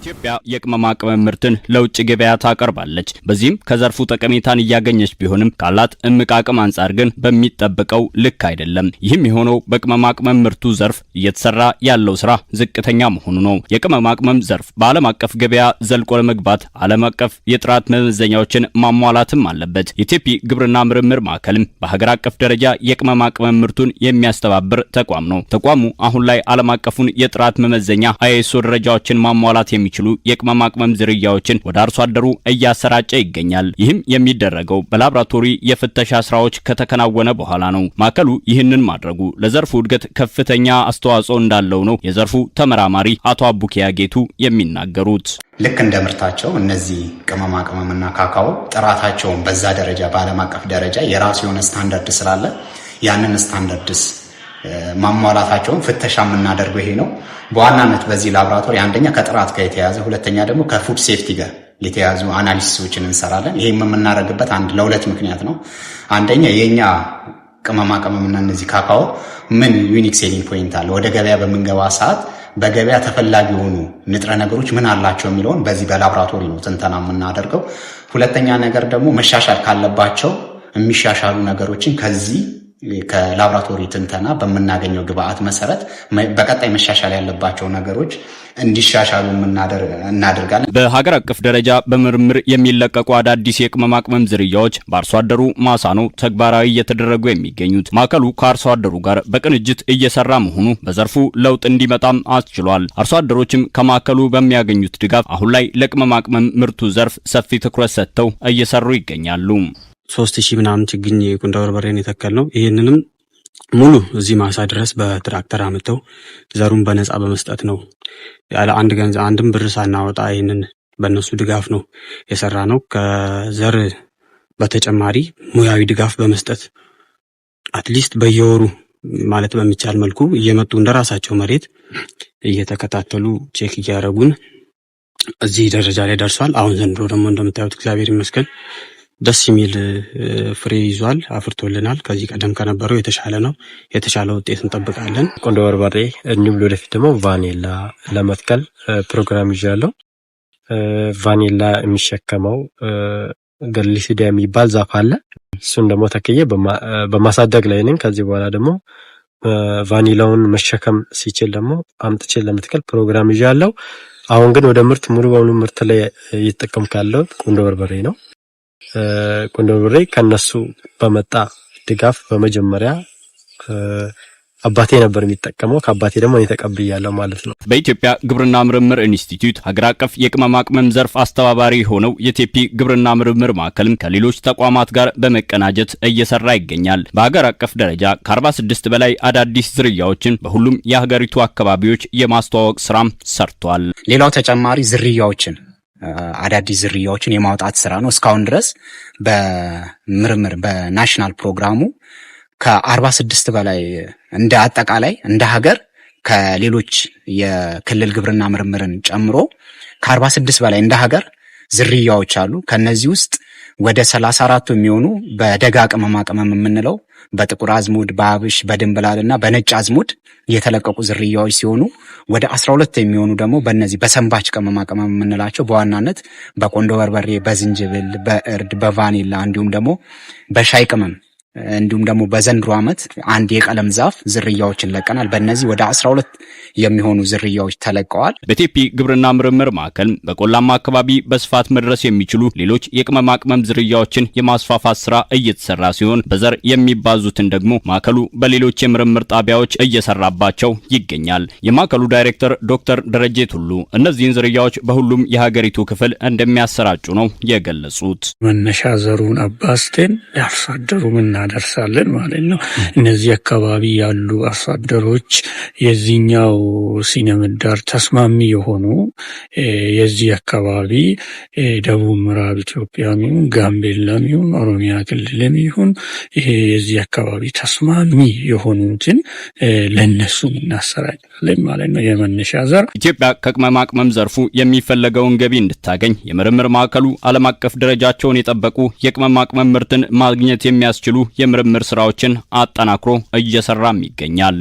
ኢትዮጵያ የቅመማ ቅመም ምርትን ለውጭ ገበያ ታቀርባለች። በዚህም ከዘርፉ ጠቀሜታን እያገኘች ቢሆንም ካላት እምቅ አቅም አንጻር ግን በሚጠበቀው ልክ አይደለም። ይህም የሆነው በቅመማ ቅመም ምርቱ ዘርፍ እየተሰራ ያለው ስራ ዝቅተኛ መሆኑ ነው። የቅመማ ቅመም ዘርፍ በዓለም አቀፍ ገበያ ዘልቆ ለመግባት ዓለም አቀፍ የጥራት መመዘኛዎችን ማሟላትም አለበት። የቴፒ ግብርና ምርምር ማዕከልም በሀገር አቀፍ ደረጃ የቅመማ ቅመም ምርቱን የሚያስተባብር ተቋም ነው። ተቋሙ አሁን ላይ ዓለም አቀፉን የጥራት መመዘኛ አይኤስኦ ደረጃዎችን ማሟላት የሚ የሚችሉ የቅመማ ቅመም ዝርያዎችን ወደ አርሶ አደሩ እያሰራጨ ይገኛል። ይህም የሚደረገው በላብራቶሪ የፍተሻ ስራዎች ከተከናወነ በኋላ ነው። ማዕከሉ ይህንን ማድረጉ ለዘርፉ እድገት ከፍተኛ አስተዋጽኦ እንዳለው ነው የዘርፉ ተመራማሪ አቶ አቡኪያ ጌቱ የሚናገሩት። ልክ እንደ ምርታቸው እነዚህ ቅመማ ቅመምና ካካኦ ጥራታቸውን በዛ ደረጃ በዓለም አቀፍ ደረጃ የራሱ የሆነ ስታንዳርድ ስላለ ያንን ስታንዳርድስ ማሟላታቸውን ፍተሻ የምናደርገው ይሄ ነው። በዋናነት በዚህ ላብራቶሪ አንደኛ ከጥራት ጋር የተያዘ ሁለተኛ ደግሞ ከፉድ ሴፍቲ ጋር የተያዙ አናሊሲሶችን እንሰራለን። ይህ የምናደርግበት አንድ ለሁለት ምክንያት ነው። አንደኛ የኛ ቅመማ ቅመምና እነዚህ ካካዎ ምን ዩኒክ ሴሊንግ ፖይንት አለ፣ ወደ ገበያ በምንገባ ሰዓት በገበያ ተፈላጊ የሆኑ ንጥረ ነገሮች ምን አላቸው የሚለውን በዚህ በላብራቶሪ ነው ትንተና የምናደርገው። ሁለተኛ ነገር ደግሞ መሻሻል ካለባቸው የሚሻሻሉ ነገሮችን ከዚህ ከላብራቶሪ ትንተና በምናገኘው ግብአት መሰረት በቀጣይ መሻሻል ያለባቸው ነገሮች እንዲሻሻሉ እናደርጋለን። በሀገር አቀፍ ደረጃ በምርምር የሚለቀቁ አዳዲስ የቅመማ ቅመም ዝርያዎች በአርሶ አደሩ ማሳ ነው ተግባራዊ እየተደረጉ የሚገኙት። ማዕከሉ ከአርሶ አደሩ ጋር በቅንጅት እየሰራ መሆኑ በዘርፉ ለውጥ እንዲመጣም አስችሏል። አርሶ አደሮችም ከማዕከሉ በሚያገኙት ድጋፍ አሁን ላይ ለቅመማ ቅመም ምርቱ ዘርፍ ሰፊ ትኩረት ሰጥተው እየሰሩ ይገኛሉ። ሶስት ሺህ ምናምን ችግኝ ቁንዶ በርበሬን የተከል ነው። ይህንንም ሙሉ እዚህ ማሳ ድረስ በትራክተር አምጥተው ዘሩን በነፃ በመስጠት ነው ያለ አንድ ገንዘብ አንድም ብር ሳናወጣ ይህንን በእነሱ ድጋፍ ነው የሰራ ነው። ከዘር በተጨማሪ ሙያዊ ድጋፍ በመስጠት አትሊስት በየወሩ ማለት በሚቻል መልኩ እየመጡ እንደራሳቸው መሬት እየተከታተሉ ቼክ እያደረጉን እዚህ ደረጃ ላይ ደርሷል። አሁን ዘንድሮ ደግሞ እንደምታዩት እግዚአብሔር ይመስገን ደስ የሚል ፍሬ ይዟል፣ አፍርቶልናል። ከዚህ ቀደም ከነበረው የተሻለ ነው። የተሻለ ውጤት እንጠብቃለን። ቆንዶ በርበሬ እንዲሁም ለወደፊት ደግሞ ቫኔላ ለመትከል ፕሮግራም ይዣለሁ። ቫኔላ የሚሸከመው ገርሊሲዲያ የሚባል ዛፍ አለ። እሱን ደግሞ ተክዬ በማሳደግ ላይ ነኝ። ከዚህ በኋላ ደግሞ ቫኒላውን መሸከም ሲችል ደግሞ አምጥቼ ለመትከል ፕሮግራም ይዣለሁ። አሁን ግን ወደ ምርት ሙሉ በሙሉ ምርት ላይ እየተጠቀምኩ ያለው ቁንዶ በርበሬ ነው። ቁንድምብሬ ከነሱ በመጣ ድጋፍ በመጀመሪያ አባቴ ነበር የሚጠቀመው ከአባቴ ደግሞ እኔ ተቀብያለሁ ማለት ነው። በኢትዮጵያ ግብርና ምርምር ኢንስቲትዩት ሀገር አቀፍ የቅመማ ቅመም ዘርፍ አስተባባሪ የሆነው የቴፒ ግብርና ምርምር ማዕከልም ከሌሎች ተቋማት ጋር በመቀናጀት እየሰራ ይገኛል። በሀገር አቀፍ ደረጃ ከ46 በላይ አዳዲስ ዝርያዎችን በሁሉም የሀገሪቱ አካባቢዎች የማስተዋወቅ ስራም ሰርቷል። ሌላው ተጨማሪ ዝርያዎችን አዳዲስ ዝርያዎችን የማውጣት ስራ ነው። እስካሁን ድረስ በምርምር በናሽናል ፕሮግራሙ ከአርባ ስድስት በላይ እንደ አጠቃላይ እንደ ሀገር ከሌሎች የክልል ግብርና ምርምርን ጨምሮ ከአርባ ስድስት በላይ እንደ ሀገር ዝርያዎች አሉ። ከነዚህ ውስጥ ወደ ሰላሳ አራቱ የሚሆኑ በደጋ ቅመማ ቅመም የምንለው በጥቁር አዝሙድ፣ በአብሽ፣ በድንብላል እና በነጭ አዝሙድ የተለቀቁ ዝርያዎች ሲሆኑ ወደ አስራ ሁለት የሚሆኑ ደግሞ በነዚህ በሰንባች ቅመማ ቅመም የምንላቸው በዋናነት በቆንዶ በርበሬ፣ በዝንጅብል፣ በእርድ፣ በቫኒላ እንዲሁም ደግሞ በሻይ ቅመም እንዲሁም ደግሞ በዘንድሮ ዓመት አንድ የቀለም ዛፍ ዝርያዎችን ለቀናል። በእነዚህ ወደ 12 የሚሆኑ ዝርያዎች ተለቀዋል። በቴፒ ግብርና ምርምር ማዕከል በቆላማ አካባቢ በስፋት መድረስ የሚችሉ ሌሎች የቅመማ ቅመም ዝርያዎችን የማስፋፋት ስራ እየተሰራ ሲሆን በዘር የሚባዙትን ደግሞ ማዕከሉ በሌሎች የምርምር ጣቢያዎች እየሰራባቸው ይገኛል። የማዕከሉ ዳይሬክተር ዶክተር ደረጀ ቱሉ እነዚህን ዝርያዎች በሁሉም የሀገሪቱ ክፍል እንደሚያሰራጩ ነው የገለጹት። መነሻ ዘሩን አባስቴን ያርሶ ምና እናደርሳለን ማለት ነው። እነዚህ አካባቢ ያሉ አርሶ አደሮች የዚህኛው ሲነምዳር ምህዳር ተስማሚ የሆኑ የዚህ አካባቢ ደቡብ ምዕራብ ኢትዮጵያም ይሁን ጋምቤላም ይሁን ኦሮሚያ ክልልም ይሁን ይሄ የዚህ አካባቢ ተስማሚ የሆኑትን ለነሱ እናሰራጫለን ማለት ነው። የመነሻ ዘር ኢትዮጵያ ከቅመማ ቅመም ዘርፉ የሚፈለገውን ገቢ እንድታገኝ የምርምር ማዕከሉ ዓለም አቀፍ ደረጃቸውን የጠበቁ የቅመማ ቅመም ምርትን ማግኘት የሚያስችሉ የምርምር ስራዎችን አጠናክሮ እየሰራም ይገኛል።